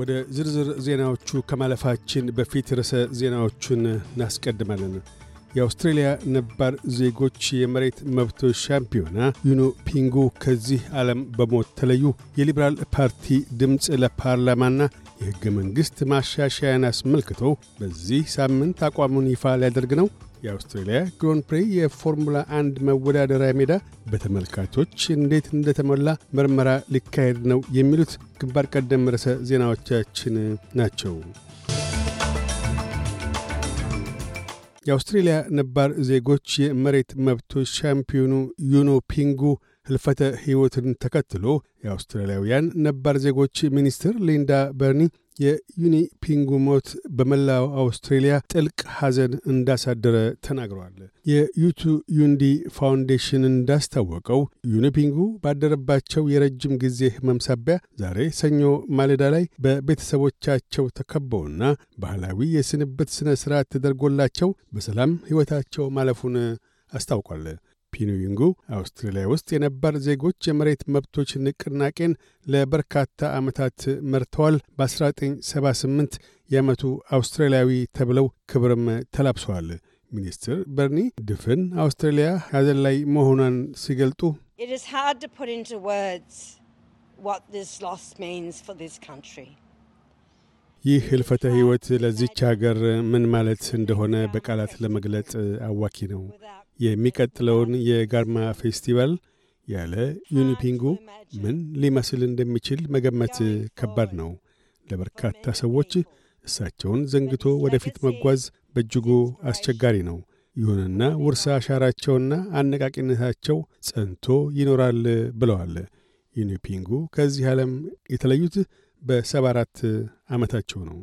ወደ ዝርዝር ዜናዎቹ ከማለፋችን በፊት ርዕሰ ዜናዎቹን እናስቀድማለን። የአውስትሬልያ ነባር ዜጎች የመሬት መብቶች ሻምፒዮና ዩኖ ፒንጉ ከዚህ ዓለም በሞት ተለዩ። የሊበራል ፓርቲ ድምፅ ለፓርላማና የሕገ መንግሥት ማሻሻያን አስመልክቶ በዚህ ሳምንት አቋሙን ይፋ ሊያደርግ ነው። የአውስትሬልያ ግሮን ፕሪ የፎርሙላ 1 መወዳደሪያ ሜዳ በተመልካቾች እንዴት እንደተሞላ ምርመራ ሊካሄድ ነው የሚሉት ግንባር ቀደም ርዕሰ ዜናዎቻችን ናቸው። የአውስትሬልያ ነባር ዜጎች የመሬት መብቶች ሻምፒዮኑ ዩኖ ፒንጉ ህልፈተ ሕይወትን ተከትሎ የአውስትራሊያውያን ነባር ዜጎች ሚኒስትር ሊንዳ በርኒ የዩኒፒንጉ ሞት በመላው አውስትሬልያ ጥልቅ ሐዘን እንዳሳደረ ተናግረዋል። የዩቱ ዩንዲ ፋውንዴሽን እንዳስታወቀው ዩኒፒንጉ ባደረባቸው የረጅም ጊዜ ህመም ሳቢያ ዛሬ ሰኞ ማለዳ ላይ በቤተሰቦቻቸው ተከበውና ባህላዊ የስንብት ሥነ ሥርዓት ተደርጎላቸው በሰላም ሕይወታቸው ማለፉን አስታውቋል። ፒኑዊንጉ አውስትራሊያ ውስጥ የነባር ዜጎች የመሬት መብቶች ንቅናቄን ለበርካታ ዓመታት መርተዋል። በ1978 የዓመቱ አውስትራሊያዊ ተብለው ክብርም ተላብሰዋል። ሚኒስትር በርኒ ድፍን አውስትራሊያ ሐዘን ላይ መሆኗን ሲገልጡ ይህ ህልፈተ ሕይወት ለዚች አገር ምን ማለት እንደሆነ በቃላት ለመግለጽ አዋኪ ነው። የሚቀጥለውን የጋርማ ፌስቲቫል ያለ ዩኒፒንጉ ምን ሊመስል እንደሚችል መገመት ከባድ ነው። ለበርካታ ሰዎች እሳቸውን ዘንግቶ ወደፊት መጓዝ በእጅጉ አስቸጋሪ ነው። ይሁንና ውርሳ አሻራቸውና አነቃቂነታቸው ጸንቶ ይኖራል ብለዋል። ዩኒፒንጉ ከዚህ ዓለም የተለዩት በሰባ አራት ዓመታቸው ነው።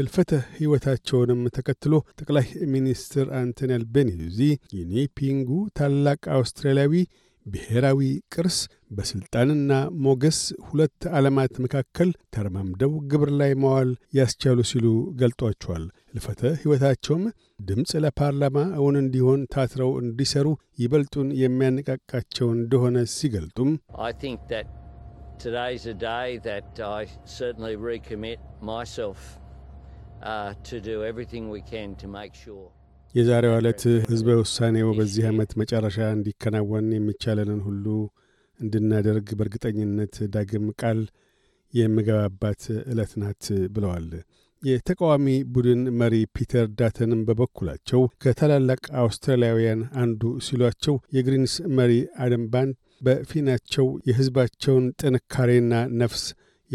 ህልፈተ ሕይወታቸውንም ተከትሎ ጠቅላይ ሚኒስትር አንቶኒ አልቤኒዚ የኔፒንጉ ታላቅ አውስትራሊያዊ ብሔራዊ ቅርስ በሥልጣንና ሞገስ ሁለት ዓለማት መካከል ተረማምደው ግብር ላይ መዋል ያስቻሉ ሲሉ ገልጧቸዋል። ልፈተ ሕይወታቸውም ድምፅ ለፓርላማ እውን እንዲሆን ታትረው እንዲሰሩ ይበልጡን የሚያነቃቃቸው እንደሆነ ሲገልጡም Uh, የዛሬው ዕለት ህዝበ ውሳኔው በዚህ ዓመት መጨረሻ እንዲከናወን የሚቻለንን ሁሉ እንድናደርግ በእርግጠኝነት ዳግም ቃል የምገባባት ዕለት ናት ብለዋል። የተቃዋሚ ቡድን መሪ ፒተር ዳተንም በበኩላቸው ከታላላቅ አውስትራሊያውያን አንዱ ሲሏቸው የግሪንስ መሪ አደንባን በፊናቸው የሕዝባቸውን ጥንካሬና ነፍስ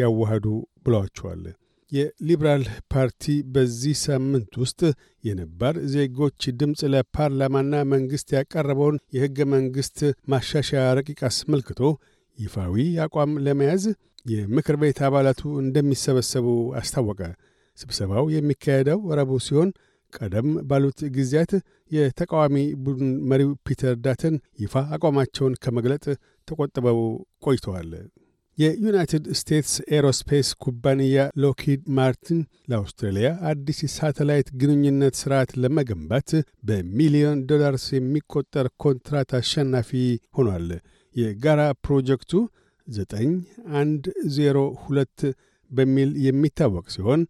ያዋህዱ ብለዋቸዋል። የሊበራል ፓርቲ በዚህ ሳምንት ውስጥ የነባር ዜጎች ድምፅ ለፓርላማና መንግሥት ያቀረበውን የሕገ መንግሥት ማሻሻያ ረቂቅ አስመልክቶ ይፋዊ አቋም ለመያዝ የምክር ቤት አባላቱ እንደሚሰበሰቡ አስታወቀ። ስብሰባው የሚካሄደው ረቡ ሲሆን ቀደም ባሉት ጊዜያት የተቃዋሚ ቡድን መሪው ፒተር ዳተን ይፋ አቋማቸውን ከመግለጥ ተቆጥበው ቆይተዋል። የዩናይትድ ስቴትስ ኤሮስፔስ ኩባንያ ሎኪድ ማርቲን ለአውስትራሊያ አዲስ የሳተላይት ግንኙነት ሥርዓት ለመገንባት በሚሊዮን ዶላርስ የሚቆጠር ኮንትራት አሸናፊ ሆኗል። የጋራ ፕሮጀክቱ 9102 በሚል የሚታወቅ ሲሆን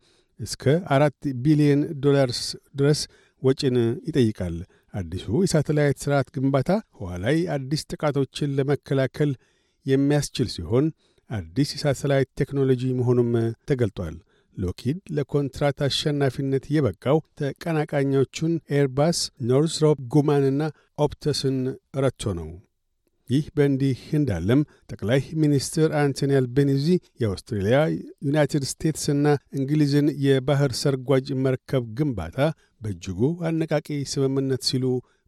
እስከ አራት ቢሊዮን ዶላርስ ድረስ ወጪን ይጠይቃል። አዲሱ የሳተላይት ሥርዓት ግንባታ ህዋ ላይ አዲስ ጥቃቶችን ለመከላከል የሚያስችል ሲሆን አዲስ የሳተላይት ቴክኖሎጂ መሆኑም ተገልጧል። ሎኪድ ለኮንትራት አሸናፊነት የበቃው ተቀናቃኞቹን ኤርባስ፣ ኖርስሮፕ ጉማንና ኦፕተስን ረቶ ነው። ይህ በእንዲህ እንዳለም ጠቅላይ ሚኒስትር አንቶኒ አልቤኒዚ የአውስትሬልያ ዩናይትድ ስቴትስና እንግሊዝን የባህር ሰርጓጅ መርከብ ግንባታ በእጅጉ አነቃቂ ስምምነት ሲሉ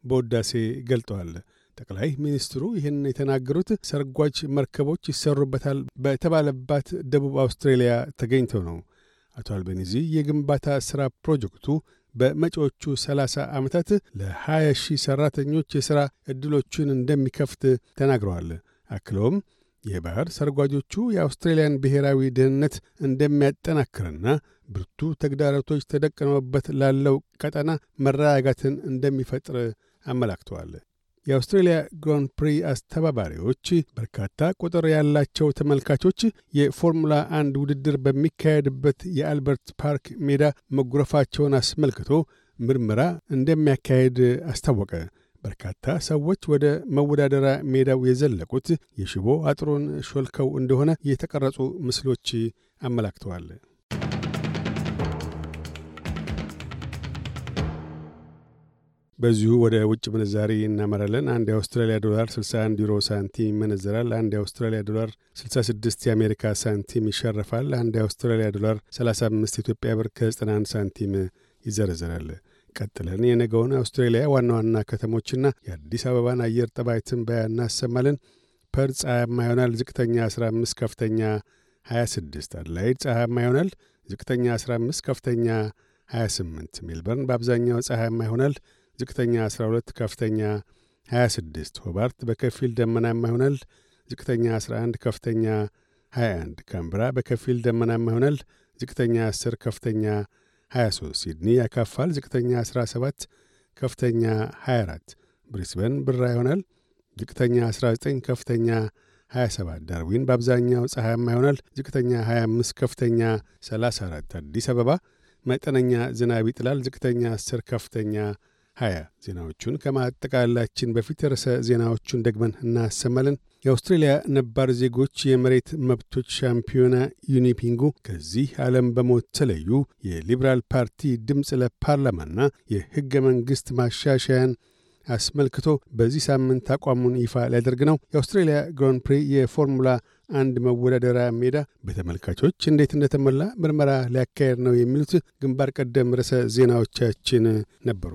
በውዳሴ ገልጠዋል። ጠቅላይ ሚኒስትሩ ይህን የተናገሩት ሰርጓጅ መርከቦች ይሰሩበታል በተባለባት ደቡብ አውስትሬልያ ተገኝተው ነው። አቶ አልቤኒዚ የግንባታ ሥራ ፕሮጀክቱ በመጪዎቹ 30 ዓመታት ለ20 ሺህ ሠራተኞች የሥራ ዕድሎችን እንደሚከፍት ተናግረዋል። አክለውም የባህር ሰርጓጆቹ የአውስትሬልያን ብሔራዊ ደህንነት እንደሚያጠናክርና ብርቱ ተግዳሮቶች ተደቅነውበት ላለው ቀጠና መረጋጋትን እንደሚፈጥር አመላክተዋል። የአውስትሬልያ ግራንድ ፕሪ አስተባባሪዎች በርካታ ቁጥር ያላቸው ተመልካቾች የፎርሙላ አንድ ውድድር በሚካሄድበት የአልበርት ፓርክ ሜዳ መጉረፋቸውን አስመልክቶ ምርመራ እንደሚያካሄድ አስታወቀ። በርካታ ሰዎች ወደ መወዳደሪያ ሜዳው የዘለቁት የሽቦ አጥሩን ሾልከው እንደሆነ የተቀረጹ ምስሎች አመላክተዋል። በዚሁ ወደ ውጭ ምንዛሪ እናመራለን። አንድ የአውስትራሊያ ዶላር 61 ዩሮ ሳንቲም ይመነዘራል። አንድ የአውስትራሊያ ዶላር 66 የአሜሪካ ሳንቲም ይሸረፋል። አንድ የአውስትራሊያ ዶላር 35 ኢትዮጵያ ብር ከ91 ሳንቲም ይዘረዘራል። ቀጥለን የነገውን አውስትራሊያ ዋና ዋና ከተሞችና የአዲስ አበባን አየር ጠባይ ትንበያ እናሰማለን። ፐርዝ ፀሐያማ ይሆናል። ዝቅተኛ 15፣ ከፍተኛ 26። አድላይድ ፀሐያማ ይሆናል። ዝቅተኛ 15፣ ከፍተኛ 28። ሜልበርን በአብዛኛው ፀሐያማ ይሆናል። ዝቅተኛ 12፣ ከፍተኛ 26። ሆባርት በከፊል ደመናማ ይሆናል። ዝቅተኛ 11፣ ከፍተኛ 21። ካምብራ በከፊል ደመናማ ይሆናል። ዝቅተኛ 10፣ ከፍተኛ 23። ሲድኒ ያካፋል። ዝቅተኛ 17፣ ከፍተኛ 24። ብሪስበን ብራ ይሆናል። ዝቅተኛ 19፣ ከፍተኛ 27 ዳርዊን በአብዛኛው ፀሐያማ ይሆናል። ዝቅተኛ 25 ከፍተኛ 34 አዲስ አበባ መጠነኛ ዝናብ ይጥላል። ዝቅተኛ 10 ከፍተኛ ሀያ ዜናዎቹን ከማጠቃላችን በፊት ርዕሰ ዜናዎቹን ደግመን እናሰማለን። የአውስትሬልያ ነባር ዜጎች የመሬት መብቶች ሻምፒዮና ዩኒፒንጉ ከዚህ ዓለም በሞት ተለዩ። የሊብራል ፓርቲ ድምፅ ለፓርላማና የሕገ መንግሥት ማሻሻያን አስመልክቶ በዚህ ሳምንት አቋሙን ይፋ ሊያደርግ ነው። የአውስትሬልያ ግራንድ ፕሪ የፎርሙላ አንድ መወዳደሪያ ሜዳ በተመልካቾች እንዴት እንደተሞላ ምርመራ ሊያካሄድ ነው የሚሉት ግንባር ቀደም ርዕሰ ዜናዎቻችን ነበሩ።